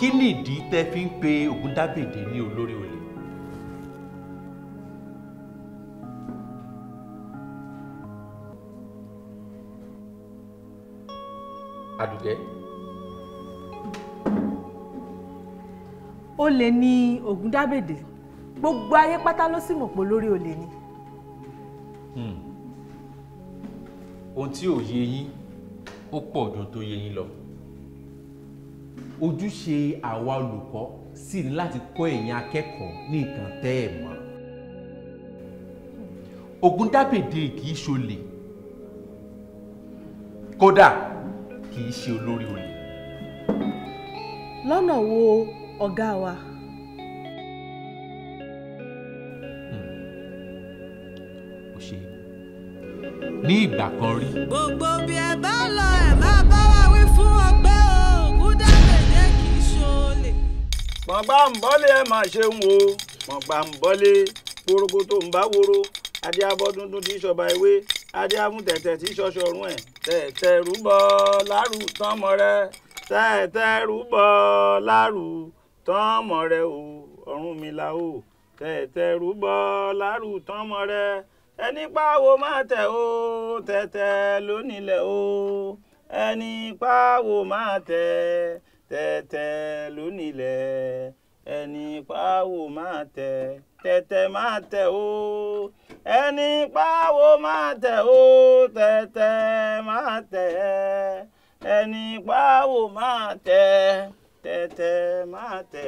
kí nìdí tẹ́ fi ń pe Ògúndábèdé ní olórí olè. Àdùkẹ́. olè ni Ògúndábèdé gbogbo ayé pátá ló sì mọ̀ pé olórí olè ni. Hmm. ohun tí ò yé yín ó pọ̀ ju tó yé yín lọ ojúṣe àwa olùkọ́ sì ní láti kọ́ ẹ̀yin akẹ́kọ̀ọ́ ní nǹkan tẹ́ ẹ̀ mọ́. Ògúndábèdé kì í ṣolè kódà kì í ṣe olórí olè. lọ́nà wo ọ̀gá wa. Hmm. ní ìgbà kan rí. gbogbo bí ẹ bá lọ ẹ máa bá wa wí fún ọgbẹ́. mọ̀gbàǹbọ́lé ẹ̀ máa ṣeun o mọ̀gbàǹbọ́lé gbòrògbò tó ń bá woro adé abọ́ dúndún tí ìṣọba ewé adé amútẹ̀tẹ̀ tí ìṣọṣọ ọ̀run ẹ̀ tẹ̀tẹ̀ rúbọ lárù tọ́mọ rẹ tẹ̀tẹ̀ rúbọ lárù tọ́mọ rẹ o ọ̀run mi la o tẹ̀tẹ̀ rúbọ lárù tọ́mọ rẹ ẹni páwo má tẹ̀ o tẹ̀tẹ̀ lónìí lẹ̀ o ẹni páwo má tẹ̀ tẹ́tẹ́ lónílẹ̀ ẹni pawó máa tẹ tẹ́tẹ́ máa tẹ ó ẹni pawó máa tẹ ó tẹ́tẹ́ máa tẹ ẹni pawó máa tẹ tẹ́tẹ́ máa tẹ.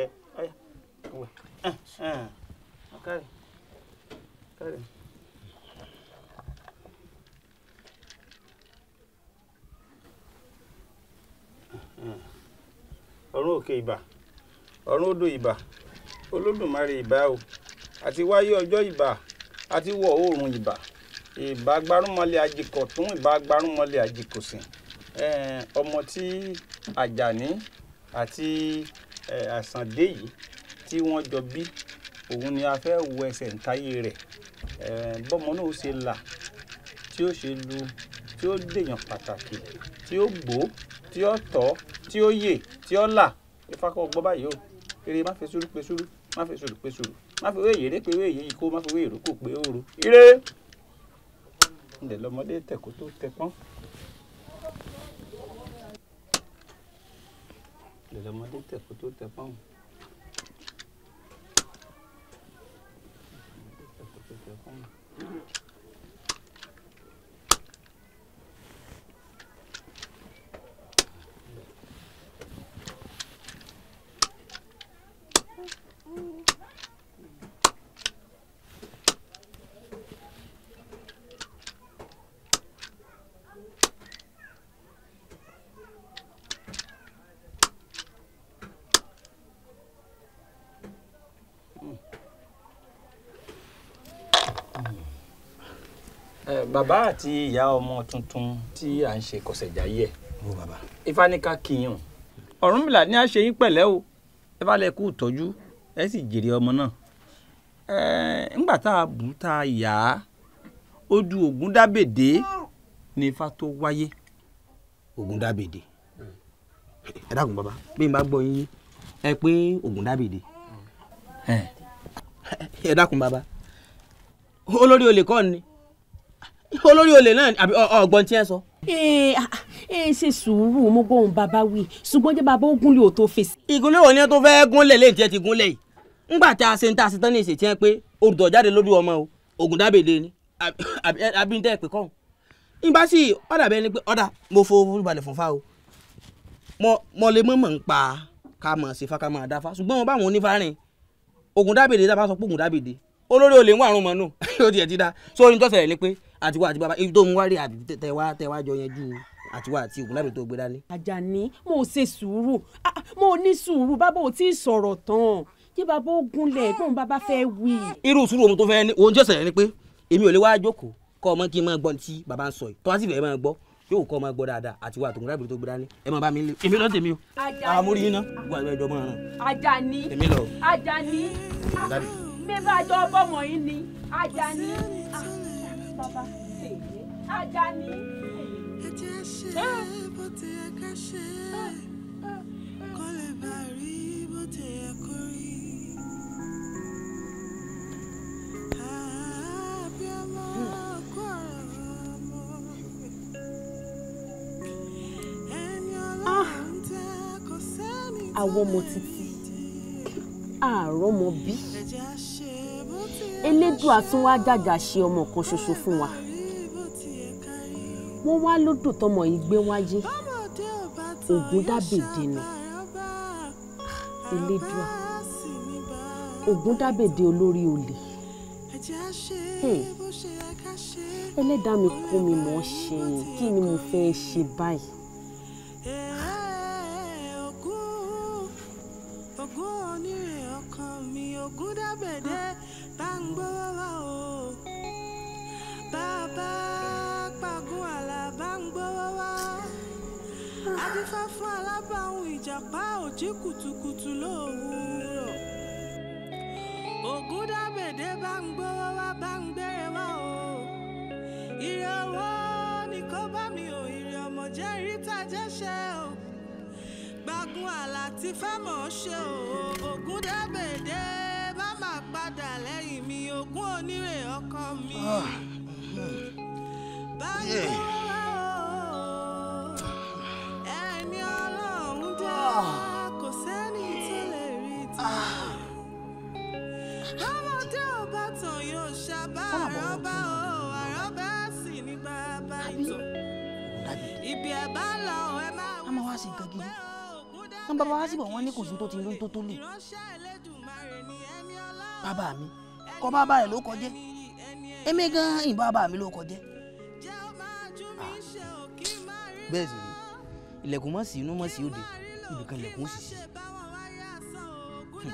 Kárí. Kárí. ọ̀run òkè ìbà ọ̀run odò ìbà olódùmarè ìbà o àti wáyé ọjọ́ ìbà àti wọ̀ oòrùn ìbà ìbà agbárùnmọ́lẹ̀ àjìkò tún ìbà agbárùnmọ́lẹ̀ àjìkò sìn ọmọ tí àjàní àti àsàndé yìí tí wọ́n jọ bí òun ni a fẹ́ wo ẹsẹ̀ ntáyé rẹ̀ bọ́mọ náà ó ṣe là tí ó ṣe lu tí ó dèèyàn pàtàkì tí ó gbó tí ó tọ́ tí ó yè tí ó là ìfakọ̀ gbọ́ báyìí o eré má fi sùúrù pé sùúrù má fi sùúrù pé sùúrù má fi wé yèrè pé wé yèrè kó má fi wé èrò kò pé òru ire ǹdẹ̀ lọ́mọdé tẹ̀kó tó tẹ pọ́n. ǹdẹ̀ lọ́mọdé tẹ̀kó tó tẹ pọ́n. bàbá àti ìyá ọmọ tuntun tí à ń ṣe kọ̀sẹ̀jáyé ẹ̀ ifá ní ká kíyàn Ọ̀rúnmìlà ní a ṣe yín pẹ̀lẹ́ o ẹ bá lẹ kú ìtọ́jú ẹ sì jèrè ọmọ náà ńgbà tá a bù tá a yà á ojú Ògúndábèdé ni ifá tó wáyé. Ògúndábèdé hmm. ẹ dákun bàbá bí n bá gbọ́ yín ẹ pé Ògúndábèdé ẹ dákun bàbá olórí olè kọ́ ni olórí olè náà àbí ọgbọ́n tí ẹ sọ. ẹ ẹ ṣe sùúrù mo gbóhùn bàbá wí ṣùgbọ́n jẹ́ bàbá ogun lè ò tó fèsì. ìgúnlẹ̀ òní tó fẹ́ gúnlẹ̀ lẹ́yìn tí ẹ ti gúnlẹ̀ yìí ńgbà tá a ṣe ń tá a ṣe tán ní ìṣètí ẹ pé olùdó jáde lórí ọmọ o ògùn dábèlè ni àbí ń tẹ́ ẹ pé kọ́hún. ìgbà sí ọ̀dà bẹ́ẹ̀ ni pé ọ̀dà mo fo olùbalẹ̀ fún fa o mo lè mọ̀ mọ̀ ń pa ká mọ̀ sí fa ká mọ̀ àdáfa ṣùgbọ́n mo báwọn onífàárin ògùn dábèlè tá a bá sọ pé ògùn dábèlè olórí olè ń wà àrùn mọ́ nù ó tiẹ̀ ti dá sórí ní tọ́sẹ̀ rẹ̀ ni pé àtiwá àti bàbá ibi tó ń wárí àbí tẹwà tẹwà jọ yanjú àtiwá àti Ògúnlámì tó gbé dání. Ajani, mo ṣe sùúrù mo ní sùúrù bàbá ò tí ì sọ̀rọ̀ tán kí bàbá ó gúnlẹ̀ tóun bàbá fẹ́ wí. irú sùúrù òun tó fẹ́ ní oúnjẹ sẹ̀rẹ̀ ni pé èmi ò lè wá jókòó kọ́ ọmọ kí n máa gbọ́ tí bàbá ń sọ yìí tó wá sì fẹ́ máa gbọ́ yóò kọ́ ọmọ gbọ́ dáadáa àti wa àtòkùnrin àbúrò tó gbé dání ẹ máa bá mi lé èmi lọ tèmi o àmúrí iná wà á jọ máa ràn. Àjàní èmi lọ. jọ bọ́mọ̀ yín ni Àjàní bàbá ajá ni. ẹ jẹ́ ṣe ah. bó ti ah. ọmọ títí ah, àárọ̀ mọ bí elédùà tún wá jàjà ṣe ọmọ kan ṣoṣo fún wa wọ́n wá lódò tọmọ yìí gbé wáyé Ògúndábèdé nù ah, elédùà Ògúndábèdé olórí olè hmm. ẹlẹ́dàá mi kún mi mọ̀ ṣe kí ni mo fẹ́ ṣe báyìí. Ah. Ah. Ògún onírè ọkàn mi Ògúndábèdé adífá fún alábàáhùn ìjàpá òjí kùtùkùtù lówùúrọ̀ ògún dábèdè bá ń gbówó wá bá ń gbére wá o ire owó ni kó bá mi ò ire ọmọ jẹ́ ríta jẹ́ṣẹ́ o gbàgùn àlà ti fẹ́ mọ̀ ọ́ ṣe o ògún dábèdè padà lẹ́yìn mi ogún onírè ọkọ mi. Ah. báyìí eh. ẹni ọlọ́run dá ah. kò sẹ́ni tó lè rí ta. ọmọdé ò bá yóò ṣàbá àrọ́bá o àrọ́bá sì ní bàbá ìtàn. ibi ẹ̀ bá lọ ẹ máa wí fún ọgbẹ́ o wọ́n bá wá ìránṣẹ́ Ẹlẹ́dùmarè ni ẹni ọlọ́ bàbá mi kọ́ bàbá rẹ̀ ló kọjẹ́ èmi gan ìbá bàbá mi ló kọjẹ́. Ah, bẹ́ẹ̀ sì rí ilẹ̀kùn mọ̀ sí inú mọ̀ sí òde ibìkan ilẹ̀kùn sì sí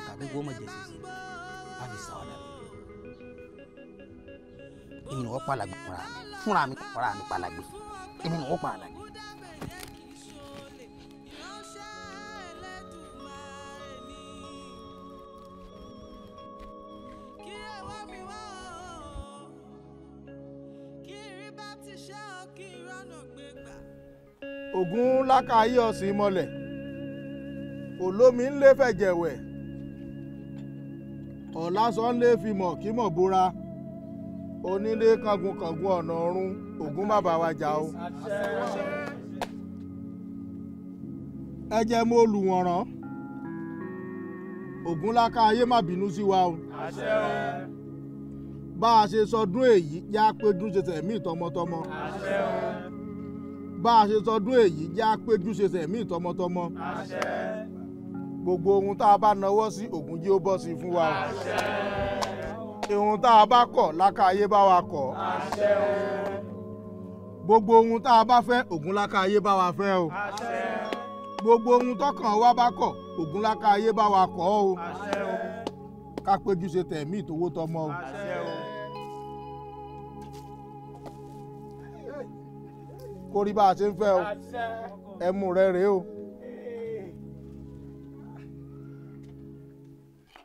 kàbí gbọ́ mọ̀ jẹ́ sísè á fi sàn ọ́dà èmi ni wọ́n pa àlàgbé fúnra mi fúnra mi pa ògún lákàáyé ọ̀sìn mọ́lẹ̀ olómi ń lé fẹ̀jẹ̀wẹ̀ ọ̀làsàn lé fi mọ̀ kí mọ̀ bóra onílé kangunkangun ọ̀nà ọ̀run ògùn má wa jà o. ẹ jẹ́ ògùn láká má bínú sí wa bá a ṣe sọdún èyí jẹ́ àpéjú ṣe sẹ̀mí tọmọtọmọ. àṣẹ. gbogbo ohun tá a bá nawọ́ sí ògùn jí ó bọ́ sí fún wa. àṣẹ. ohun tá a bá kọ̀ lákàáyé bá wa kọ̀. gbogbo ohun tá a bá fẹ́ ògùn lákàáyé bá wa fẹ́ o. àṣẹ. gbogbo ohun tọkàn wa bá kọ̀ ògùn lákàáyé bá wa kọ̀ o. àṣẹ. ká péjú ṣe tẹ̀mí ìtòwó tọmọ o. kó rí bá a ṣe ń fẹ́ o ẹmu rẹ rèé o.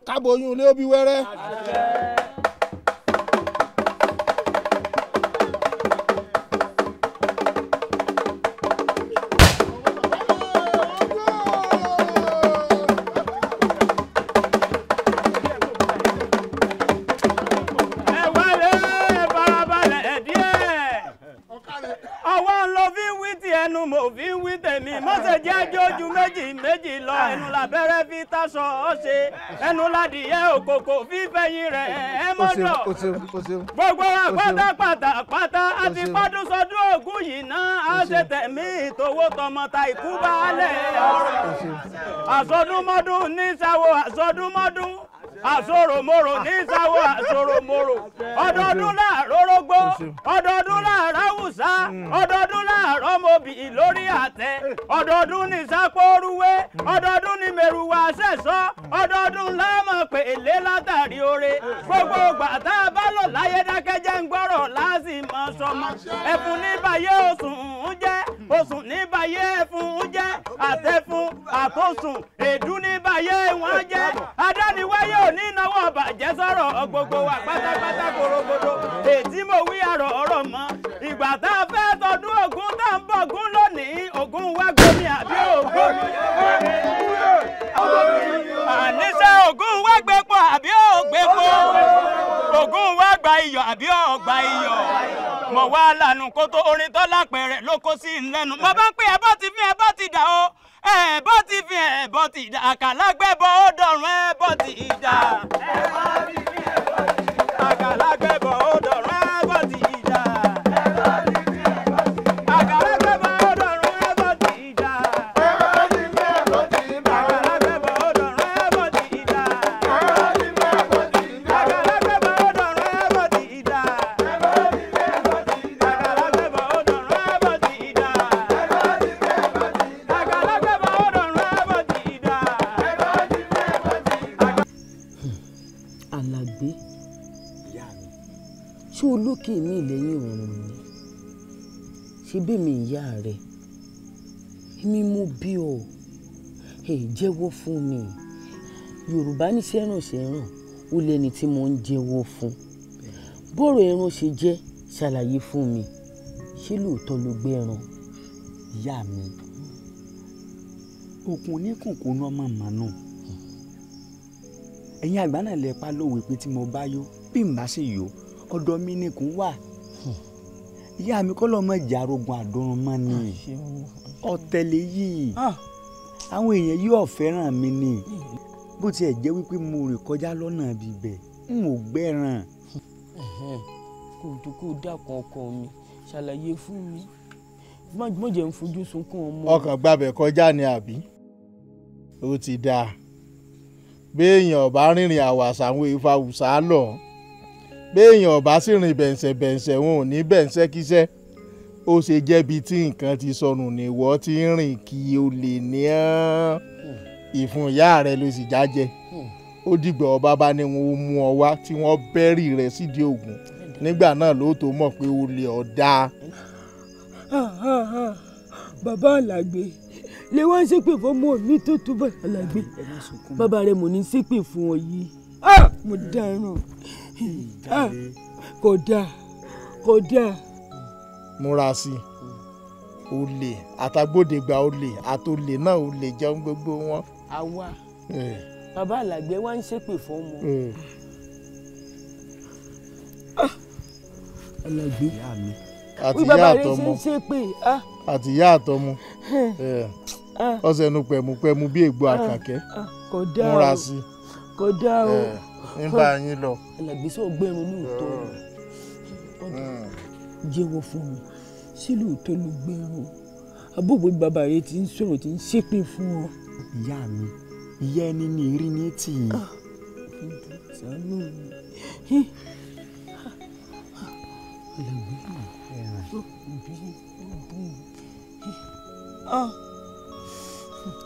káàbọ̀ oyún ilé ó bí wẹ́rẹ́. adìyẹ òkòkò fífẹ̀yìn rẹ̀ ẹ mọ́dọ̀ gbogbo wa pátápátá pátá a ti pọ́dún sọdún ògún yìí náà a ṣe tẹ̀mí ìtòwó tọmọta ìkú baálẹ̀ ọ̀rọ̀ àsọdúnmọ́dún ní sáwọ́ àsọdúnmọ́dún àsoròmòrò ní sáwọ àsoròmòrò ọdọọdún láàrórógbó ọdọọdún láàráwùsá hmm. ọdọ. àrọ́mọbì lórí àtẹ ọdọọdún ní sápóoruwé ọdọọdún ní mèrùwà sẹ̀sọ́ ọdọọdún láàmọ̀ pé látàrí oore gbogbo gbàtà bá lọ láyé ń gbọ́rọ̀ sọmọ ń jẹ́ ń jẹ́ èdú wọn jẹ́ adániwáyé ògún wá gbomi àbí ògbomi àníṣe ògún wá gbẹpọ àbí ògbẹpọ ògún wá gba iyọ̀ àbí ọgbà iyọ̀ mọ̀ wá lànà kó tó orin tó lápẹ̀rẹ̀ ló kó sí lẹ́nu mo bá ń pè ẹ bọ́ ti fi ẹ bọ́ ti dà o ẹ bọ́ ti fi ẹ bọ́ ti dà àkàlágbẹ́bọ ó dọ̀rùn ẹ bọ́ ti dà ẹ ti fi ẹ ti dà àkàlágbẹ́bọ. jẹ́wọ́ fún mi yorùbá ní sẹ́ràn sẹ́ràn ó lẹ́ni tí mo ń jẹ́wọ́ fún bọ́rọ̀ ẹran ṣe jẹ́ ṣàlàyé fún mi ṣé lóòótọ́ ló gbé ẹran ìyá mi. òkun oníkùnkùn náà mà mà náà ẹ̀yin àgbà náà lè pa lóòwe pé tí mo bá yó bí n bá sì yó ọ̀dọ̀ mi nìkún wà ìyá mi kọ́ lọ́mọ ìjà arógun àdọ́run mọ́ ni ọ̀tẹ̀lẹ̀ yìí. Ah! àwọn èèyàn yóò fẹ́ràn mi ni bó tiẹ̀ jẹ́ wípé mo rìn kọjá lọ́nà bíbẹ̀ n ò gbẹ́ràn. kò tó kó dákun ọkọ mi ṣàlàyé fún mi má jẹ́ ń fojú sunkún ọmọ. ọkàn gbàbẹ̀ kọjá ni àbí ó ti dáa béèyàn bá rìnrìn àwàsà àwọn ìfàwùsà lọ béèyàn bá sì rìn bẹ̀ǹsẹ̀ bẹ̀ǹsẹ̀ wọn ò ní bẹ̀ǹsẹ̀ kíṣẹ́ ó ṣe jẹ́bi tí nǹkan ti sọnù níwọ́ ti ń rìn kí o lè ní án ìfun ìyá rẹ ló sì jájẹ ó dìgbà ọba bá ní wọn ó mú ọ wá tí wọ́n bẹ́rì rẹ sídìí ògùn nígbà náà ló tó pé o lè ọ̀ dáa. bàbá àlàgbé lè wá ń ṣépè fọmọ mi tó túbọ̀ àlàgbé bàbá rẹ mò ní ṣépè fún ọ yìí ah, mo dáràn kódà ah, kódà múra sí i olè àtàgbòdègbà olè àtolè náà olè jẹun gbogbo wọn. àwa bàbá àlàgbé wa ń ṣépè fún ọmọ. àlàgbé àtìyá àtọmọ àtìyá àtọmọ ọsẹ nu pẹ̀mùpẹ̀mù bí ègbò àkànkẹ́ múra sí i. kò dáa o ń bá yín lọ. àlàgbé sọ gbẹrun lóòótọ́ jẹ́wọ́ fún mi sílùú tó ló gbẹ́rù abóògbé bàbá rẹ ti ń sọ̀rọ̀ ti ń ṣépè fún ọ. ìyá mi ìyá ẹni ní erí ní tì í. ṣàánú ah. mi ọlọ́gbẹ́ ẹ̀ràn bí bú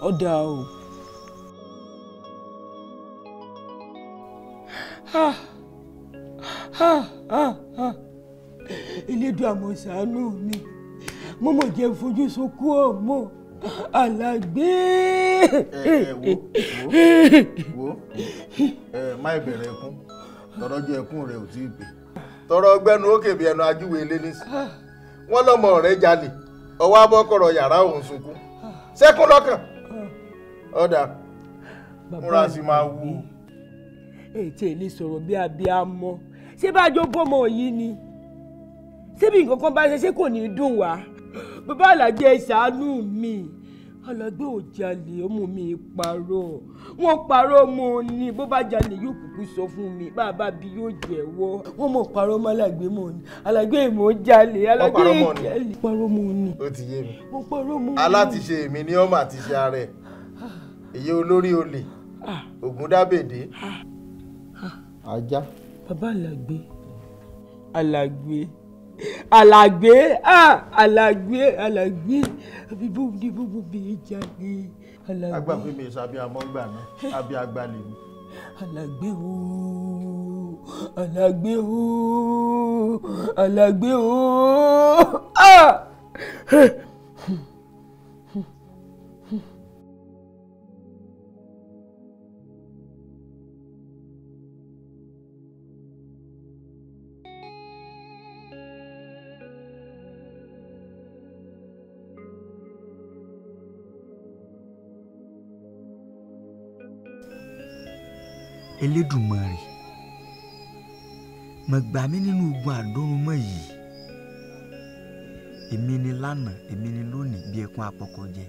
ọ̀dà o. Ah, ah, ah, ah. ah. elédùn àmọ̀sánú mi mo mọ̀ jẹ́ fojú sunkún ọmọ alágbé. ẹ ẹ wo wo ẹ má ìbẹ̀rẹ̀ ẹkún tọrọjú ẹkún rẹ ò tí ì pè tọrọ gbẹnu ókè bí ẹnu ajúwe ilé nísì wọn lọmọ rẹ jalè ọwọ́ abọkọrọ yàrá òun sunkún sẹkún lọ́kàn ọdà múra sí máa wú. ètè ilé sọ̀rọ̀ bí abiyamọ ṣé bá a jó bọ́mọ yìí ni. ṣebí nǹkan kan bá ṣe ṣé kò ní dùn wá bàbá alájẹ ẹ ṣàánú mi alágbé ò jalè ọmọ mi parọ́ wọ́n parọ́ ọmọ ni bó bá jalè yóò kúkú sọ fún mi bàbá bí yóò jẹ́wọ́ wọ́n mọ̀ parọ́ ọmọ alágbé mọ̀ ni alágbé ìmọ̀ jalè alágbé ìjalè parọ́ ọmọ ni ó ti yé mi wọ́n parọ́ ọmọ ni alátiṣe èmi ni ọmọ àtiṣe ara ẹ̀ èyí olórí olè ah. ògúndábèdé ah. Ah. ajá bàbá alágbé alágbé alagbe, ah, alàgbé alàgbé àbíbó ní gbogbo mi jáde alàgbé. agbáfẹ́ mi sábẹ́ amọ́gbà mi abẹ́ agbálẹ̀ mi. alàgbé o alàgbé o alàgbé o. Ah! Elédùmarè mọ̀ gbà mí nínú ogun àdórunmọ́ yìí èmi ni lánàá èmi ni lónìí bí ẹkún apọkọ jẹ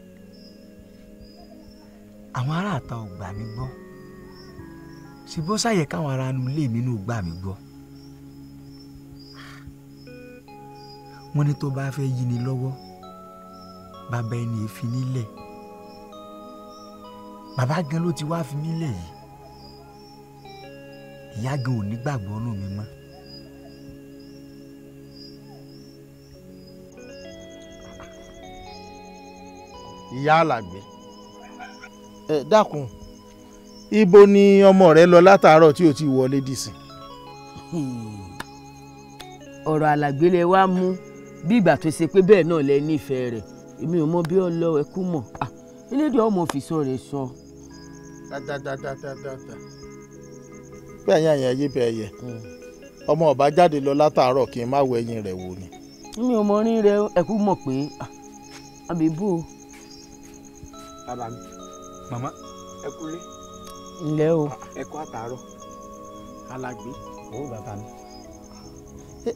àwọn aráàta ò gbà mí gbọ́ ṣùgbọ́n ṣàyẹ káwọn ará nu ilé mi ní ò gbà mí gbọ́ wọ́n ní tó bá fẹ́ yí ni lọ́wọ́ bàbá ẹni èéfin nílẹ̀ bàbá gan ló ti wá fi mí yìí ìyá gan ò nígbàgbọ́ nù mí mọ́. ìyá alàgbẹ̀ ẹ dákun ibo ni ọmọ rẹ lọ látàárọ̀ tí o ti wọlé dìsìn. Hmm. ọ̀rọ̀ alàgbélé wa mú bí ìgbà tó ṣe pé bẹ́ẹ̀ náà lẹ nífẹ̀ẹ́ rẹ̀ èmi ò mọ bí ọlọ ẹkú mọ̀ ah, elédè ọmọ òfìsọ rẹ sọ. dáadáa dáadáa dáadáa. pé ẹ̀yìn àyàn ẹyí bẹ ẹyẹ mm. ọmọ ọba jáde lọ látàárọ̀ kí n má wo ẹyin rẹ̀ wò ni. mi ò mọ orin rẹ ẹkú mọ pé àbíbú o. bàbá mi màmá ẹ kúlé. ǹlẹ́ o. ẹ kú àtàárọ̀ alágbé. owó bàbá mi.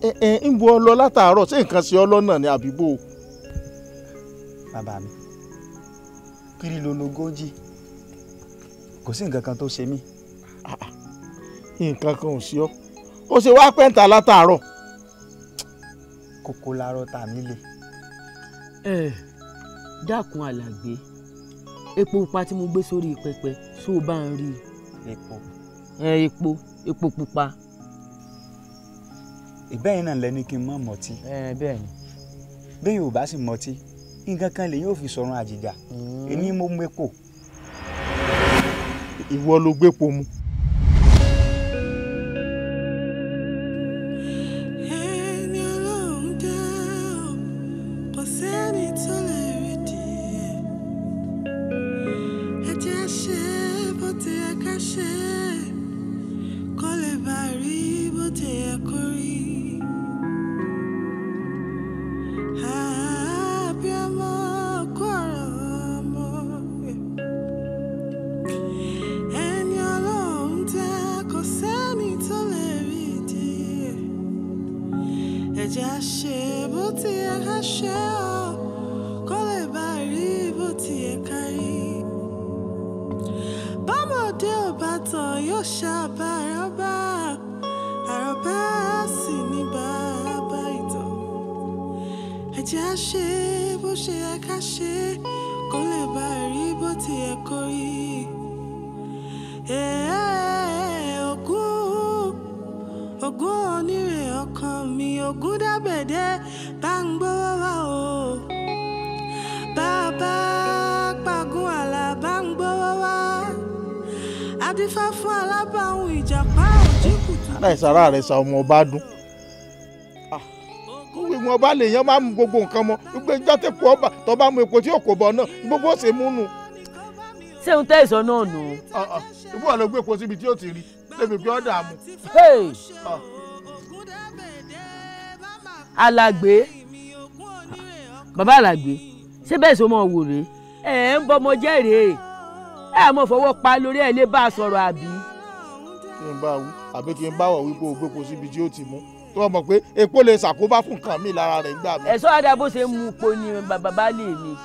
ẹ ẹ ń bu ọ lọ látàárọ̀ ṣé nǹkan ṣe ọ lọ́nà ni àbíbú o. bàbá mi kiri lologójì kò sí nǹkan kan tó ṣe mí. Ah, ah. nǹkan kan ò sí ọ ó ṣe wá pẹ́ǹtà látàárọ̀. kókó làárọ̀ tà mí lè. ẹ dákun àlàgbé epo pupa tí mo gbé sórí pẹpẹ ṣó o bá ń rí i. epo. ẹ epo epo pupa. ìbẹ́yìn náà lẹ́ni kí n mọ̀ mọ́tí. ẹ bẹ́ẹ̀ ni. bẹ́ẹ̀ yóò bá sì mọ́tí nǹkan kan lè yóò fi sọ̀rọ̀ àjèjà mm. èmi mo mú epo. ìwọ ló gbé po mu. láì sára rẹ̀ sa ọmọ ọba dún kúwì wọn bá lè yan máa mú gbogbo nǹkan mọ gbogbo ìjọ tẹ ọba tó bá mú epo tí òkò bọ náà gbogbo ó ṣe mú nù. ṣé n tẹ́ náà nù. Ah, ah, ìbú wa ló gbé epo síbi tí ó ti rí lébi pé ó dààmú. Ah. alàgbé bàbá alàgbé ṣé bẹ́ẹ̀ sọ mọ́ wò rèé ẹ̀ ń bọ́ ọmọ jẹ́ rèé ẹ̀ mọ̀ fọwọ́ pa lórí ẹ̀ lé bá a sọ̀rọ̀ àbí kí n bá wí àbí kí n bá wọ̀ wípé o gbépo síbi tí ó ti mú tó o mọ̀ pé epo lè ṣàkóbá fún nǹkan mi lára rẹ̀ gbà mí. ẹ̀sọ́ ọ̀dà bó ṣe mú po ni bàbá lè mi.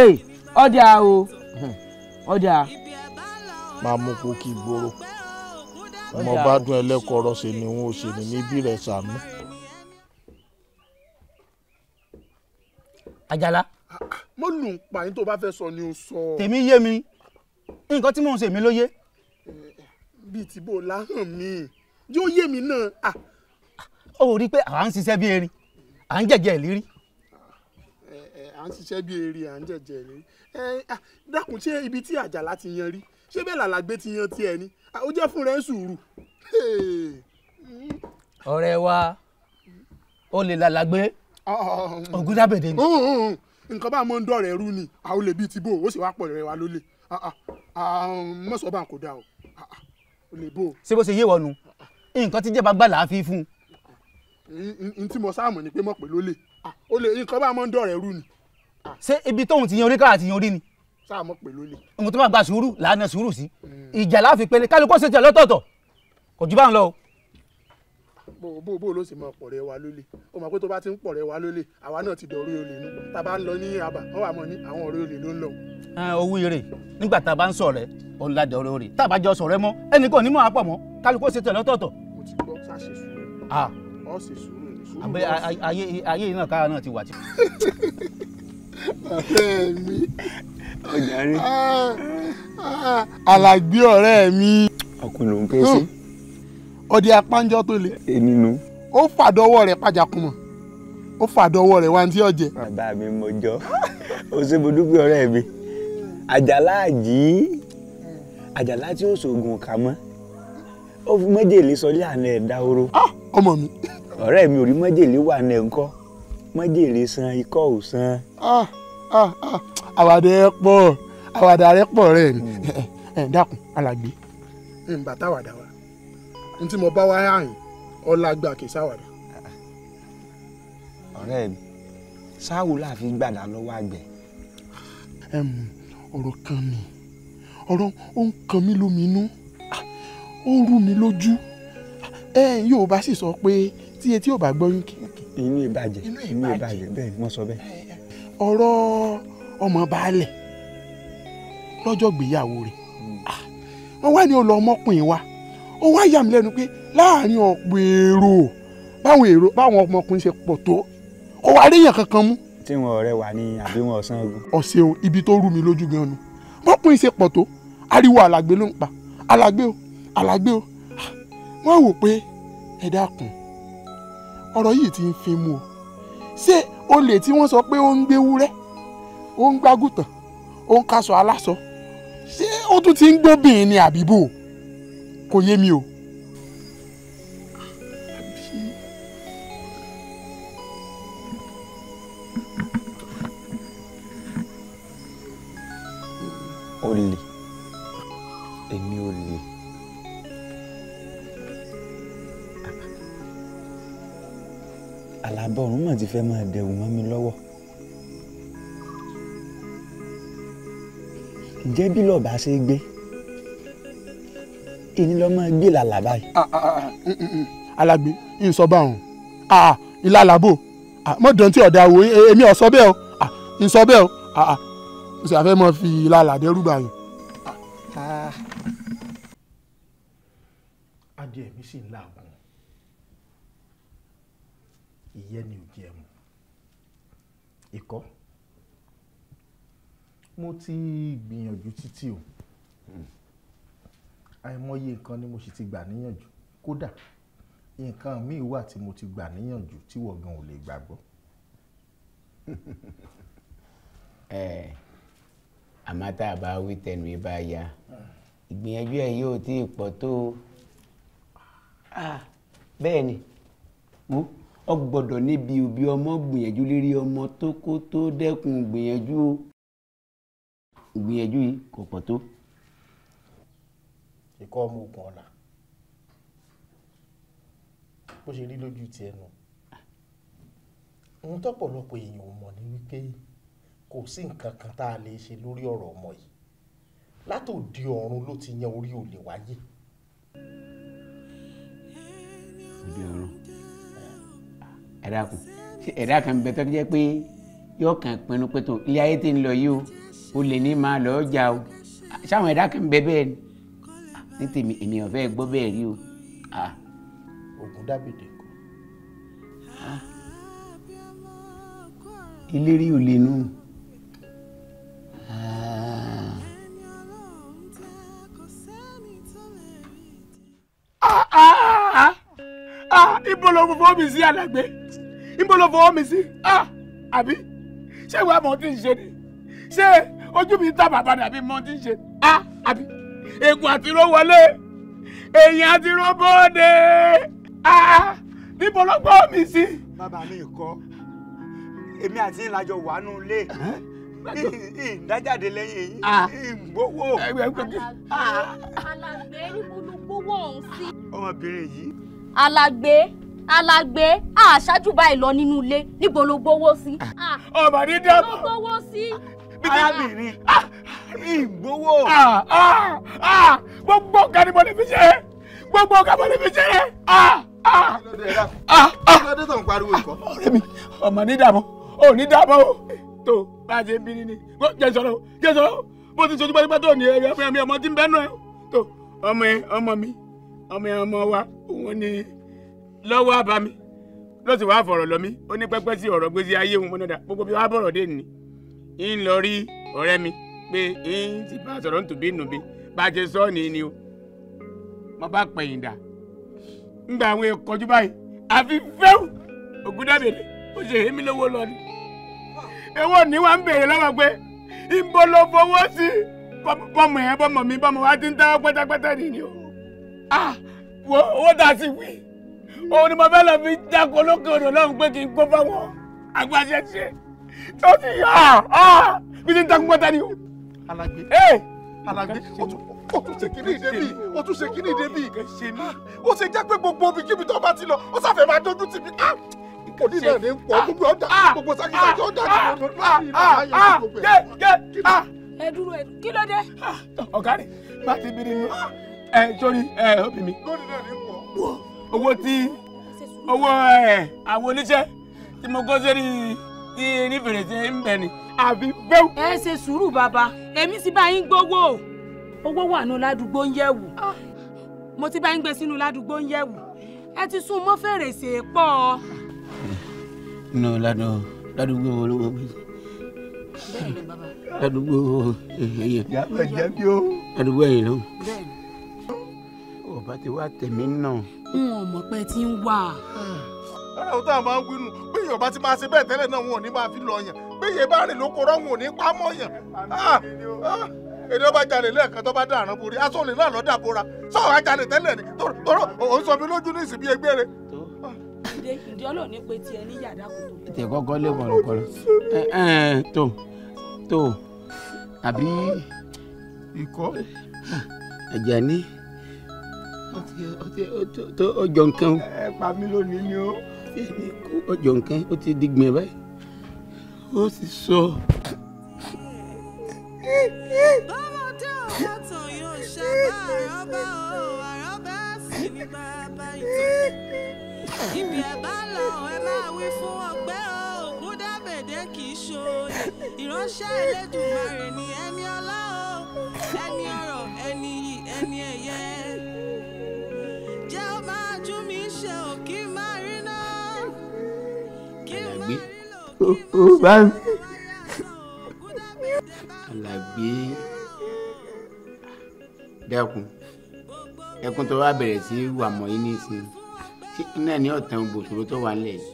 ee ọ̀dà o hmm. ọ̀dà. máa mú kó kí gbòòrò ọmọ bá dún ẹlẹ́kọ̀ọ́rọ́ ṣe ni wọn ṣe ní níbí rẹ̀ sànú. àjàlá. mo lù ń pa tó o bá fẹ́ sọ ni o sọ. tèmi yé mi nǹkan tí mò ń ṣe mi ló yé bíi tìbò láhàn mi yóò yé mi náà. Ah. ó rí i pé àwa ń ṣiṣẹ́ bí erin à ń jẹ̀jẹ̀ ìlérí. à ń ṣiṣẹ́ bí erin à ń jẹ̀jẹ̀ ìlérí. dákun ṣé ibi tí àjàlá ti yan rí ṣé bẹ́ẹ̀ làlágbé ti yan tiẹ̀ ni ó jẹ́ fún rẹ̀ ń sùúrù. ọ̀rẹ́ wa ó lè làlágbé ògúndábẹ̀dẹ̀ ni. nǹkan bá mọ ń dọ̀rẹ̀ rú ni àwọn olè bíi tìbò ó sì wá pọ̀ rẹ̀ wa lólè mọ̀sọ̀ bá ń kó dà o ṣé bó ṣe yé wọnú nǹkan tí jẹba gbàlà fi fún un. n tí mo sáàmù ni pé mọ̀ pé ló lè ó ah, lè nǹkan bá mọ́ ń dọ̀rẹ̀ rú ni. Ah. ṣé ibi tóun ti yan orí káà ti yan orí ni. sáàmù pé ló lè. ohun tó bá gba sùúrù làánà sùúrù sí hmm. ìjà láàfin pẹ̀lẹ́ kálukú ṣètò ẹ̀ lọ́tọ̀ọ̀tọ̀ kò jù bá lọ o bó bó ló sì mọ pọ̀rẹ́ wa lólè ó mọ̀ pé tó bá ti ń pọ̀rẹ́ wa lólè àwa náà ti dọ̀rú olè nù tá a bá ń lọ ní abà wọ́n wà mọ́ ní àwọn ọ̀rẹ́ olè ló ń lọ. owó ire nígbà tá a bá ń sọ̀rẹ́ òun la dọ̀rọ̀ rẹ̀ tá a bá jọ sọ̀rẹ́ mọ́ ẹnì kan ní mọ̀ àpọ̀ mọ́ kálukú ṣe tẹ̀lé ọ̀tọ̀ọ̀tọ̀. mo ti gbọ́ sá ṣe sùúrù. ọ ṣe sùúrù ní sùúrù. àbẹ ayé iná kára náà ti wà tí. ọ̀rẹ́ mi ọjà rí. Ah, ah, alàgbé ọ̀rẹ́ mi. ọkùnrin ló ń ké sí. Oh ọdẹ apánjọ tó le. èmi nu. ó fàdọwọ́ rẹ̀ pàjákùmọ̀ ó fàdọwọ́ rẹ̀ wá ní tí ọ̀jẹ̀. bàbá mi mo jọ ó ṣe mo dúpẹ́ ọ̀rẹ́ mi àjàlá àjí àjàlá tí ó ṣoògùn kà mọ́ ó fi májèlé sọlé àná ẹ̀ dáhóró. Ah, ọmọ mi. ọ̀rẹ́ mi ò rí májèlé wà ní ẹ̀ ńkọ́ májèlé san ikọ́ ò san. Ah, ah, àwàdà ẹ pọ̀ àwàdà rẹ pọ̀ rẹ̀ hmm. dákun alàgbé bàtà àwàdà n tí mo bá wá àyìn ọlá gba kì í ṣàwàdà. ọ̀rẹ́ mi sáwo la fi gbàdá lọ́wọ́ àgbẹ̀. ọ̀rọ̀ kan ni ọ̀rọ̀ ó ń kan mí lóminú ó rú mi lójú yóò bá sì sọ pé tí etí ò bá gbọ́yún kí. inú ìbàjẹ́ inú ìbàjẹ́ bẹ́ẹ̀ wọ́n sọ bẹ́ẹ̀. ọ̀rọ̀ ọmọ baálẹ̀ lọ́jọ́ gbéyàwó rẹ̀ hmm. ah, wọ́n wá ní olùọmọkùnrin wa ó wá yà mí lẹ́nu pé láàrin ọ̀pọ̀ èrò báwọn èrò báwọn ọmọkùnrin ṣe pọ̀ tó kò wá ríyàn kankan mú. tí wọn ọ̀rẹ́ wà ní àbí wọn ọsán ogun. ọ̀sẹ̀ o ibi tó rú mi lójú gan nu bọ́kùnrin ṣe pọ̀ tó ariwo alàgbé ló ń pa alàgbé o alàgbé o wọ́n wò pé ẹ dákun ọ̀rọ̀ yìí ti ń fi mu o ṣé olè tí wọ́n sọ pé ó ń gbé wúrẹ́ ó ń gbágùtàn ó ń kaṣọ aláṣọ ṣé ó tún ti ń gbóbìnrin ni àbíbò kò yé mi o. olè èmi olè alábọ̀rún mà ti fẹ́ máa dẹ̀wù mọ́ mi lọ́wọ́ ǹjẹ́ bí lọ́ọ̀bá ṣe gbé ìní lọ máa gbé làlà báyìí. Ah, ah, ah, mm, mm, mm. alàgbé ìsọ bá wọn ìlàlàbò mọ̀dán tí ọ̀dà wo e, èmi ò sọ bẹ́ẹ̀ o ìsọ bẹ́ẹ̀ o mo sì àfẹ́ mọ́ fi ìlàlà dẹ́rù bàyàn. adìẹ mi sì ń làágùn ìyẹ́ ni ò jẹ́ mu ikọ́ mo ti gbìyànjú títí o. Mm àìmọye nǹkan ni mo sì ti gbà níyànjú kódà nǹkan míì wà tí mo ti gbà níyànjú tí wọ́n ò lè gbàgbọ́. ẹ àmọ́ tá a bá wí tẹnu ẹ bá ya ìgbìyànjú ẹ yóò tí ì pọ̀ tó bẹ́ẹ̀ ni wo ọ gbọ́dọ̀ níbi òbí ọmọ gbìyànjú lérí ọmọ tó kó tó dẹ́kun gbìyànjú gbìyànjú yìí kò pọ̀ tó ìkọ́ ọmọ ogun ọ̀la bó ṣe rí lójú ti ẹnu ohun tọ́pọ̀lọpọ̀ èèyàn ò mọ̀ ni wípé kò sí nǹkan kan tá a lè ṣe lórí ọ̀rọ̀ ọmọ yìí látòdì ọ̀run ló ti yan orí òlè wáyé. òde ọ̀run ẹ̀dá kan ẹ̀dá kan tó jẹ́ pé yóò kàn pinnu pé tó ilé ayé tí ń lọ yìí o olè ní máa lọ́ọ́ jà o ṣáwọn ẹ̀dá kan bẹ́ẹ̀ ni ní tèmi èmi ò fẹ́ gbọ́ bẹ́ẹ̀ rí o. ogun dábìdì kọ. ìlérí ò lè nù. ibo ló fọwọ́ mi sí alàgbé ibo ló fọwọ́ mi sí àbí ṣé ìwà mọ̀ ọ́ ti ń ṣe ni ṣé ojú mi ń ta bàbá ni àbí mọ̀ ọ́ ti ń ṣe àbí ègùn àti ró wọlé èèyàn àti ró bóde ah, níbo ló gbọ́ mi sí. bàbá mi kọ́ èmi àti ìlàjọ wàánu lé ìdájáde lẹ́yìn ah. ìgbówó. alàgbé olùgbówó ọ̀hún sí. ọmọbìnrin yìí. alàgbé alàgbé àṣájú ah, báyìí lọ nínú ilé níbo ló gbówó sí. ọmọ ní dàbọ̀. ló gbówó sí arábìnrin ah, ìgbowó ah, ah, gbogbo ọ̀gá ni mo lè fi ṣe gbogbo ọ̀gá mo lè fi ṣe. kílódé tó ń pariwo ìkọ́. ọ̀rẹ́ mi ọmọ ní dààmú ò ní dààmú o tó bá a ṣe ń bí ní jẹ́ sọ̀rọ̀ jẹ́ sọ̀rọ̀ bó ti sojú pátápátá ò ní ẹ̀mí ọmọ tí ń bẹ́ẹ̀ ẹ̀ tó ọmọ ẹ ọmọ mi ọmọ ẹ ọmọ wa òun ni lọ́wọ́ àbámi ló sì fọ̀rọ̀ lọ mí ó ní pẹ́pẹ́ sí ọ̀rọ̀ gbèsè ayé òun mọ́nàdà gbogbo bí wàá bọ̀rọ̀ dé nìyí. ń lọ rí ọ̀rẹ́ mi pé ń ti bá sọ̀rọ̀ nítòbí nùbí bá a ni o mo bá pẹ̀yìn dà ńgbà àwọn ìkọjú báyìí àfi fẹ́ù ògúndàbẹ̀rẹ̀ ó ṣe lówó lọ ni èwo ni ń lọ́wọ́ pé o ah owó dà sí wí òun ni mo fẹ́ lọ fi ó ti yá bí ti ń takun pátá ni o. alagbe eh! alagbe o tún ṣe kíní ìdè bíi o tún ṣe kíní ìdè bíi o ṣe ah! jẹ́ pé gbogbo omi kíbi tó bá ti lọ ó sáfẹ́ máa dójú tì mí ah! òní náà ní pọ̀ gbogbo ọ̀dà ah! gbogbo sakisaki ọ̀dà ni mo lọ sí ìlànà ayé gbogbo ẹ̀. ẹ dúró ẹ kí ló dé. ọ̀gá rẹ̀ bá ti eh, eh, bí nínú ẹ sórí ẹ òbí mi. lónìí náà ní pọ̀. owó tí owó àwọn oníṣẹ́ tí mo kó sórí tí erin fèrèsé ń bẹ ni àbí bẹ́ẹ̀. ẹ ṣe sùúrù bàbá èmi sì bá yín gbowó owó wà nù ládùúgbò ń yẹ̀wù ah. mo ti bá yín gbé sínú ládùúgbò ń yẹ̀wù ẹ ti sún mọ́ fèrèsé pọ̀. nínú ládùúgbò olówó mi ládùúgbò èyí eh, eh, eh. ládùúgbò èyí ló ọba ti wá tèmi náà. n ò mọ̀ pé tí ń wà. Ah lára ohun tá a máa ń wínú pé yorùbá ti máa ṣe bẹ́ẹ̀ tẹ́lẹ̀ náà wọn ò ní máa fi lọ yàn pé iye bá rìn lóko rọ́ wọn ò ní pa mọ́ yàn ah, ah. èdè ọba jalè lẹ́ẹ̀kan tó bá dàrán borí aṣọ òlè náà lọ́dà bóra sọ̀rọ̀ ajalè tẹ́lẹ̀ ni tọ́rọ òun sọ mi lójú ní ìsìn bí egbére. Ah. ìdè ìdè ọlọ́ọ̀ni pé tiẹ̀ ní yàrá kò tó. tètè kọ́kọ́ lé kọ̀rọ̀kọ̀rọ̀ tó ọjọ́ nǹkan ó ti digbin báyìí wọ́n sì sọ. bọ́lá tí ọ̀gá tàn yóò ṣe bá àrọ́bá o àrọ́bá sì ní bàbá ìtàn ibi ẹ̀ bá lọ ẹ máa wí fún ọgbẹ́ o ògúndàbèdè kì í ṣòye ìránṣẹ́ Elédùmarè ni ẹni ọlá o ẹni ọlá. O bá mi. alàgbé dẹ́kun ẹkún tó wá bẹ̀rẹ̀ sí wà mọ́ yín nísìnyí ṣé náà ní ọ̀tàn bòṣòro tó wà nílẹ̀ yìí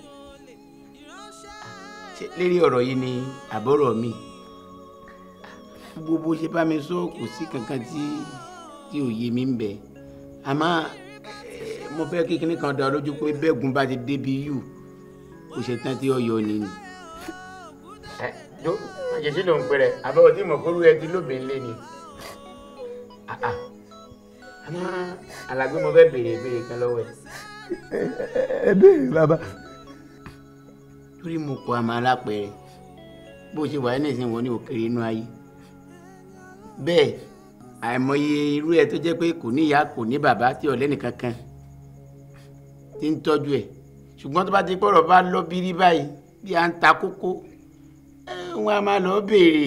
ṣé lérí ọ̀rọ̀ yìí ni àbọ̀rọ̀ mi gbogbo ṣe bá mi sọ kò sí kankan tí tí ò yé mi ń bẹ àmọ́ eh, mo fẹ́ kí kan dá lójú pé bẹ́ẹ̀gùn bá ti débi yù kò ṣe tán tí ọ̀yọ́ ni jó àjèṣí ló ń pè rẹ̀ àbẹ́ òtí mọ̀kóró ẹ ti lóbìn lé ni. Ah, ah. àmọ́ alágbé mo fẹ́ béèrè ìbéèrè kan lọ́wọ́ ẹ̀. ẹ béèrè bàbá. torí mo kọ àmọ́ alápẹ̀rẹ̀ bó ṣe wà ní ìsìn wọn ní òkèrè inú ayé bẹ́ẹ̀ àìmọye irú ẹ tó jẹ́ pé kò ní ìyá kò ní bàbá tí ọ̀lẹ́nì kankan ti ń tọ́jú ẹ̀ ṣùgbọ́n tó bá ti pọ̀rọ̀ bá lọ bírí báyìí bí à ń ta kókó wọn a máa lọ béèrè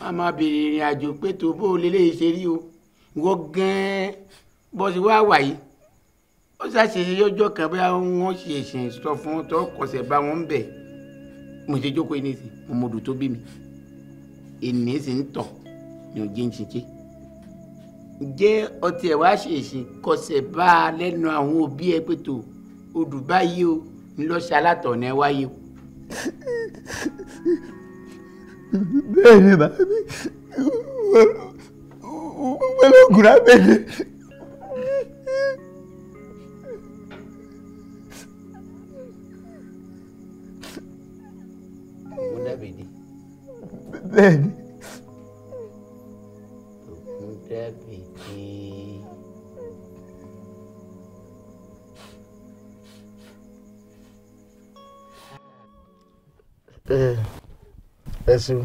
wọn a máa béèrè ìrìn àjò pé tó bó o lélẹ́yìí ṣe rí o wọ́n gan-an bọ́ sí wá wà yìí ó ṣàṣeyẹ yọjọ́ kan bí wọ́n ṣe ṣe sọ fún tó kọsẹ̀ bá wọn bẹ̀ mo ṣe jókòó ẹni sí mo mọ odò tó bí mi èmi sì ń tọ̀ ní òjé ń ṣiṣẹ́ jẹ́ ọtí ẹ̀ wá ṣèṣì kọsẹ̀ bá a lẹ́nu àwọn òbí ẹ pé tó odù báyìí o ńlọ́ṣà látọ̀ ní ẹ wáyé o bẹ́ẹ̀ ni bàbá mi wọ́n lọ gùn lábẹ́lẹ̀. mo dábìdì. bẹ́ẹ̀ ẹ ṣeun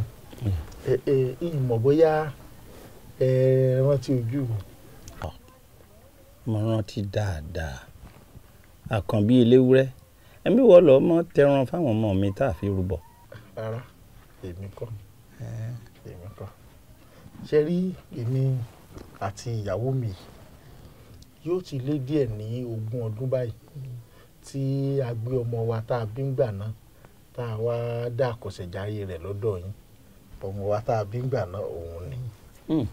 ẹ ẹ ìmọ̀ bóyá ẹ rántí ojú mi. mo rántí dáadáa àkànbí eléwúrẹ́ ẹ̀mí wọ́n lọ́ọ́ mọ́ tẹran fáwọn ọmọ mi tá a fi rúbọ. rárá èmi kọ́ èmi kọ́ ṣe rí èmi àti ìyàwó mi yóò ti lé díẹ̀ ní ogún ọdún báyìí tí a gbé ọmọ wa tá a bí ń gbà náà tá a wá dá àkọsẹ̀jáyé rẹ̀ lọ́dọ̀ yín ọmọ wa tá a bí gbà náà òun ni. Hmm.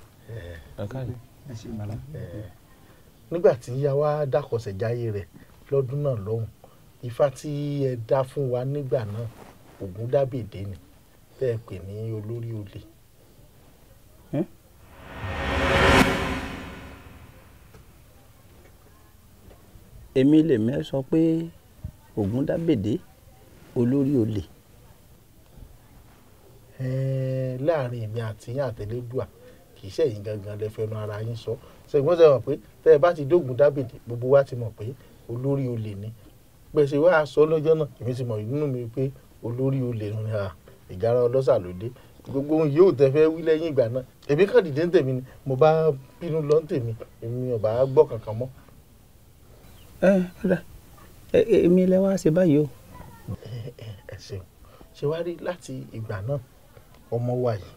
nígbà tí a wá dákọsẹ̀jáyé rẹ̀ lọ́dún náà lọ́hùn ifá tí ẹ dá fún wa nígbà náà Ògúndábèdé ni bẹ́ẹ̀ pè ní olórí olè. èmi lèmi sọ pé Ògúndábèdé. Hmm? olórí olè. láàrin èmi àti yín àtẹlẹ́dùà kì í ṣẹ̀yìn gangan lẹ fẹnu ara yín sọ ṣègbọ́n ṣe mọ̀ pé tẹ́ ẹ bá ti dógun dábìdì gbogbo wa ti mọ̀ pé olórí olè ni pèsè wá aṣọ lọ́jọ́ náà èmi ti mọ̀ nínú mi pé olórí olè ni ìgárá ọlọ́ṣà ló dé gbogbo ohun yóò tẹ fẹ́ wí lẹ́yìn ìgbà náà èmi kàn dìde ń tèmi ni mo bá bínú lọ ń tèmi èmi ò bá gbọ́ kankan mọ́. ẹ ẹ èmi lẹ wá ṣe báyìí o ẹ ṣeun ṣe wá rí láti ìgbà náà ọmọ wa yìí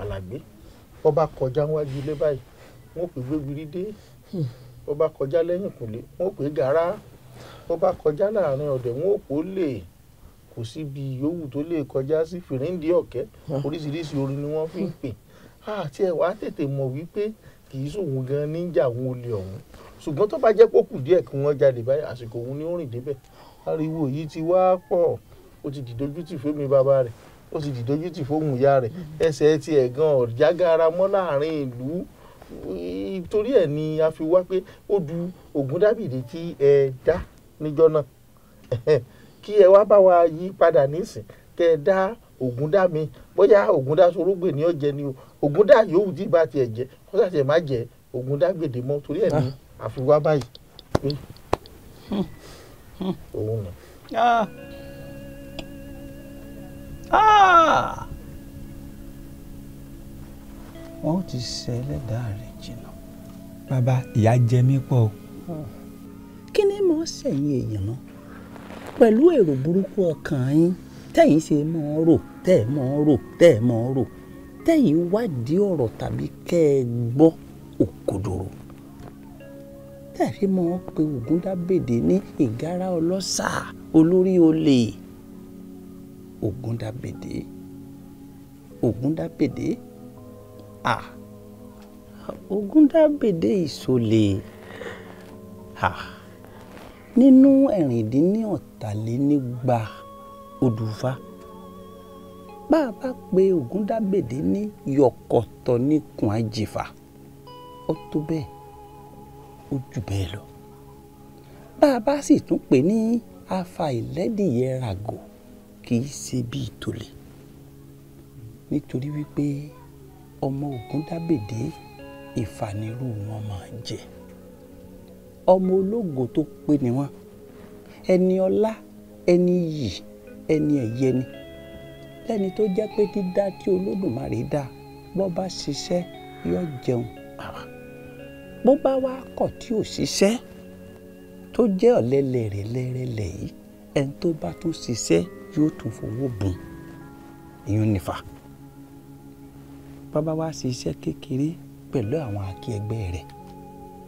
alàgbé ọba kọjá wájú ilé báyìí wọn ò pè gbégbiri dé ọba kọjá lẹ́yìn kùlé wọn ò pè gàrà ọba kọjá láàrin ọ̀dẹ̀ wọn ò pò lè kò síbi yòówù tó lè kọjá sí fìrìǹdì ọ̀kẹ́ oríṣiríṣi orin ni wọ́n fi ń pè àti ẹ̀ wá tètè mọ̀ wípé kì í sòun gan níjà òun olè ọ̀hún ṣùgbọ́n tó bá jẹ́ pé díẹ̀ kí wọ́n jáde báyìí àsìkò òun ni ó rìn débẹ̀ ariwo yìí ti wá pọ̀ ó ti dìdójú tì fómi bàbá rẹ̀ ó ti dìdójú tì fóun ìyá rẹ̀ ẹsẹ̀ ti ẹ̀gàn ọ̀jágara mọ́ láàrin ìlú torí ẹ̀ ni a fi wá pé ó du Ògúndábìdé tí ẹ dá níjọ́ náà kí ẹ wá bá wa yí padà nísìn kẹ ẹ dá Ògúndá mi bóyá Ògúndá sorógbè ní ọ̀jẹ̀ ni o Ògúndá yòówù tí ìbá tiẹ̀ jẹ́ kó sàtẹ̀ má jẹ́ Ògúndábìdé mọ́ torí ẹ̀ ni àfiwá ah. báyìí òun ah. ah, wọ́n ti ṣe ẹlẹ́dàá rẹ̀ jìnnà. bàbá ìyà jẹ mí pọ̀ kí ni mo ṣẹ̀yìn èèyàn náà pẹ̀lú èrò burúkú ọkàn yín tẹ̀yìn ṣe mọ́ ọ́n rò tẹ́ ẹ̀ mọ́ ọ́n rò tẹ́ mọ́ ọ́n rò tẹ́yìn wádìí ọ̀rọ̀ tàbí kẹ́ ẹ gbọ́ òkodoro tẹ̀rí mọ́ ọ pé Ògúndábèdè ní ìgárá ọlọ́ṣà olórí olè Ògúndábèdè Ògúndábèdè à Ògúndábèdè ìsọ̀lè à nínú ẹ̀rìndínlẹ́ọ̀tàlénígba odùfà bá a bá pe Ògúndábèdè ní yọ̀kọ̀tọ̀ níkùn àjìfà ó tó bẹ́ẹ̀ ó jù bẹ́ẹ̀ lọ bá a bá sì tún pè ní afàìlẹ́dìyẹ ràgò kì í ṣe bíi tòlè nítorí wípé ọmọ ògùn dábèdé ìfànirú wọn máa jẹ ọmọ ológo tó pé ni wọn ẹni ọlá ẹni yìí ẹni ẹ̀yẹ ni lẹ́ni tó jẹ́ pé dídá tí Olódùmarè dá bọ́ bá ṣiṣẹ́ yóò jẹun àwa bó bá wá kọ̀ tí ò ṣiṣẹ́ tó jẹ́ ọ̀lẹ lẹ̀rẹ̀lẹ̀rẹ̀lẹ̀ yìí ẹni tó bá tún ṣiṣẹ́ yóò tún fowó bùn ìyún nìfà bàbá wa ṣiṣẹ́ kékeré pẹ̀lú àwọn akẹgbẹ́ rẹ̀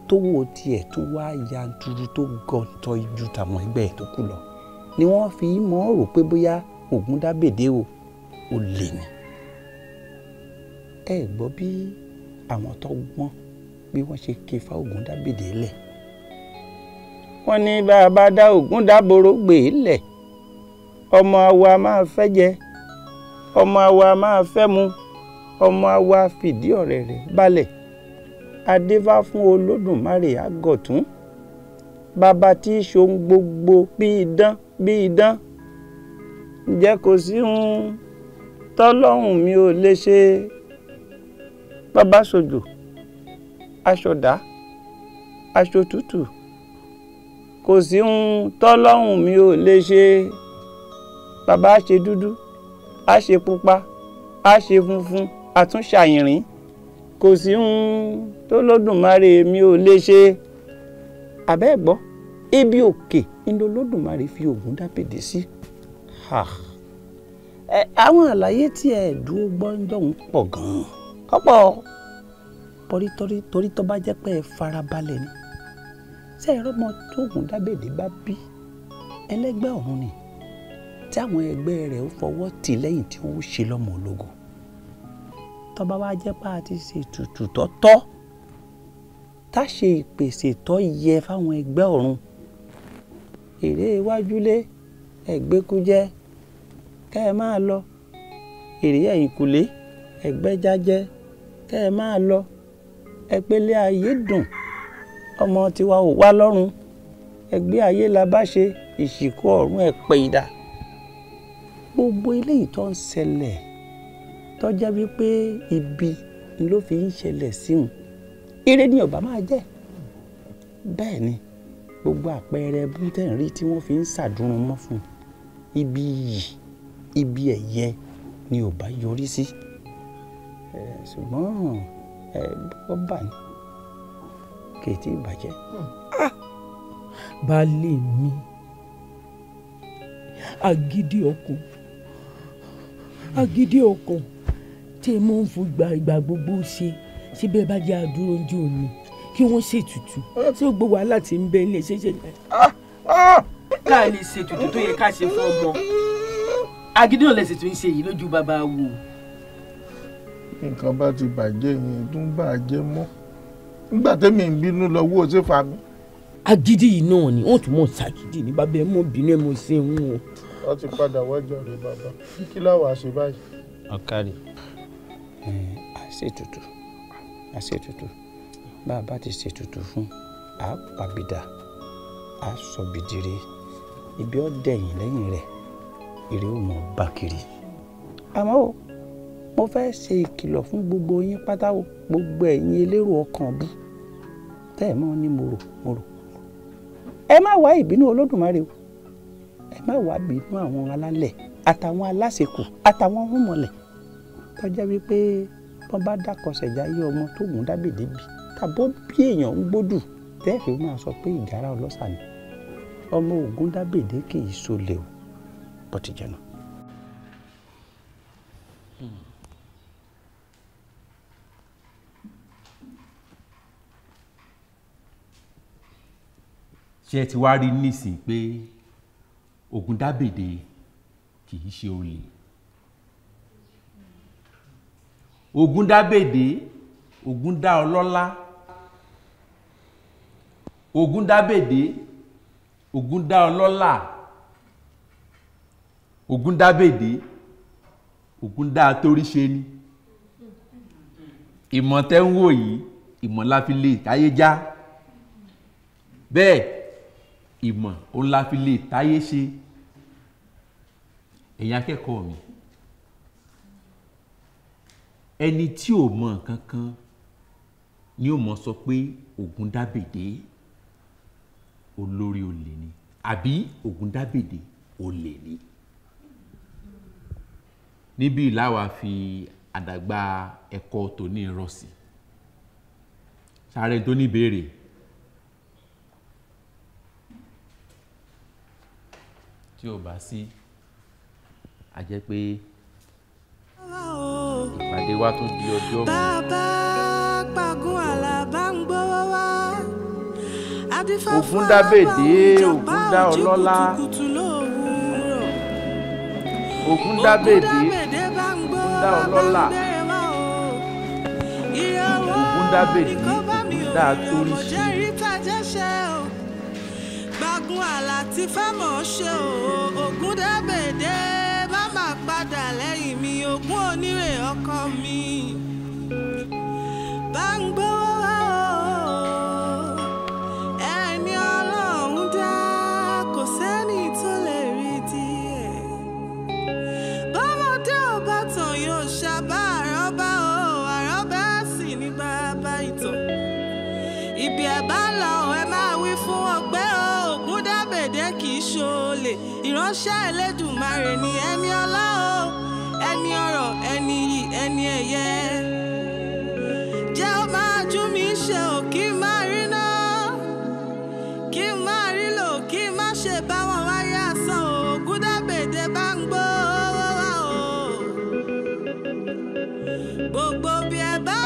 tówó tiẹ̀ tó wá yanturu tó gọ̀ǹtọ̀ ju tàwọn ẹgbẹ́ tó kù lọ ni wọ́n fi mọ́ rò pé bóyá ògùn dábèdè o ò lè ní ẹ gbọ́ bí àwọn tó gbọ́n bí wọ́n ṣe ké fa Ògún Dábèdè lẹ̀ wọ́n ní bá a bá dá Ògún Dábòrò gbè é e lẹ̀ ọmọ àwa máa fẹ́ jẹ ọmọ àwa máa fẹ́ mu ọmọ àwa fìdí ọ̀rẹ́ rẹ̀ balẹ̀ adéfá fún Olódùmarè àgọ̀tún bàbá tí í ṣohun gbogbo bí idán bí idán ǹjẹ́ kò sí ń tọ́lọ́hùn mi ò lè ṣe bàbá ṣojú aṣọ dá aṣọ tútù kò sí ń tọ́lọ́hùn mi ò lè ṣe bàbá á ṣe dúdú á ṣe pupa á ṣe funfun àtúnṣàyìnrín kò sí ń tó lódùmarè mi ò lè ṣe abẹ́ ẹ̀gbọ́ ibi òkè ńlọ lódùmarè fi ògùn dápèdè sí àwọn àlàyé tí ẹ̀ gbọ́ ń dọ̀hún pọ̀ gan-an ọ̀pọ̀ pọ̀rí torí tó bá jẹ́ pé ẹ farabalẹ̀ ni ṣé ẹ rọ́mọ tóògùn dábèdè bá bí ẹlẹ́gbẹ́ ọ̀run ni tí àwọn ẹgbẹ́ rẹ̀ ó fọwọ́ tì lẹ́yìn tí wọ́n ṣe lọ́mọ ológo tó bá jẹ́ pé a ti ṣe ètùtù tọ́tọ́ tá ṣe ìpèsè tó yẹ fáwọn ẹgbẹ́ ọ̀run èrè iwájúlé ẹ̀gbẹ́kújẹ́ kẹ́ ẹ máa lọ èrè ẹ̀yìnkùlé ẹ̀gbẹ́jájẹ́ kẹ́ ẹ máa lọ ẹ̀pẹ̀lẹ̀ ayé dùn ọmọ tiwa ò wá lọ́rùn ẹgbẹ́ ayé la bá ṣe ìṣìkò ọ̀run ẹ̀pẹ̀ ìdá gbogbo eléyìí tó ń ṣẹlẹ̀ tó wípé ibi ló fi ń ṣẹlẹ̀ síhun eré ni ọba máa jẹ́ bẹ́ẹ̀ ni gbogbo àpẹẹrẹ bútẹ́ẹ̀rí tí wọ́n fi ń ṣàdúrún mọ́ fún ibi yìí ibi ẹ̀yẹ ni ọba yọrí sí ṣùgbọ́n. Eh, ẹ rọ́bà ni kì í ti bàjẹ́ ah! baálé mi agídí ọkàn agídí ọkàn tí mo ń fún ìgbà gbogbo ṣe síbẹ̀ bá jẹ́ àdúró oúnjẹ òní kí wọ́n ṣètùtù tí ó gbowó aláàtì ń bẹ ilé ṣẹṣẹ ah! ah! ká lè ṣètùtù tó yẹ ká ṣe fún ọmọ agídí náà lè ṣètùtù ń ṣe yìí lójú bàbá wò ó nǹkan bá ti bàjẹ́ yẹn tó ń bàjẹ́ mọ́ nígbà tẹ́mi ń bínú lọ wó ṣe fa mi. agídí yìí náà ni wọn tún mọ ṣàgídí ní bàbá ẹ mọ bínú ẹ mọ ṣeun o. wọn ti padà wájọ rẹ bàbá kí láwàá ṣe báyìí. ọ̀kadì a ṣètùtù a ti ṣètùtù fún a pàbìdà ibi ọ̀dẹ̀yìn lẹ́yìn rẹ̀ èrè ò mọ̀ bá kiri àmọ́ o mo fẹ́ ṣe ìkìlọ̀ fún gbogbo yín pátá gbogbo ẹ̀yin elérò ọkàn bí tẹ́ ẹ̀ mọ́ ní mo rò mo rò ẹ má wá ìbínú olódùmarè o ẹ má wá bínú àwọn alálẹ̀ àtàwọn aláṣekù àtàwọn ọmọlẹ̀ tọ́já wípé wọ́n bá dákọsẹ̀ jáyé ọmọ tó gùn dábìdì bì tàbó bí èèyàn ń gbódù tẹ́ẹ̀fì máa sọ pé ìgárá ọlọ́sà ni ọmọ ògùn dábìdì kì í ṣolè o bọ́tìjẹ́nu. ṣé ẹ ti wá rí nísìn pé Ògúndábèdé kì í ṣe olè Ògúndábèdé Ògúndá ọlọ́lá Ògúndábèdé Ògúndá ọlọ́lá Ògúndábèdé Ògúndá toríṣe ni ìmọ̀ tẹ́ ń wò yìí ìmọ̀ la lè táyé já bẹ́ẹ̀ ìmọ̀ òun la fi lè táyé ṣe ẹ̀yin akẹ́kọ̀ọ́ mi ẹni tí ò mọ nǹkan kan ni ó mọ sọ pé Ògúndábèdé olórí olè ni àbí Ògúndábèdé olè ni níbí làwa fi àdàgbà ẹ̀kọ́ tòní rọ̀ sí sáré tó ní béèrè. tí ò bá sí a jẹ́ pé ìpàdé wa tún di ọjọ́ mi. bàbá pàgọ́ àlàbá ń gbówó wá. ògùn dá bèdè ògùn dá ọlọ́lá ògùn dá bèdè ògùn dá ọlọ́lá ògùn dá bèdè ògùn dá torí ṣe ogun àlà tí fẹ́mọ̀ ṣe o ogun dẹ́gbẹ̀dẹ́ má má padà lẹ́yìn mi ogun onírè ọkọ mi. ìránṣẹ́ Elédùmarè ni ẹni ọlá o ẹni ọrọ̀ ẹni iyì ẹni ẹ̀yẹ. jẹ́ ó máa jú mi ṣe ò kí n má rí náà kí n má rí lò kí n má ṣe bá wọn wáyé àsán o gúdàbèdè bá ń gbó o. gbogbo bí ẹ bá.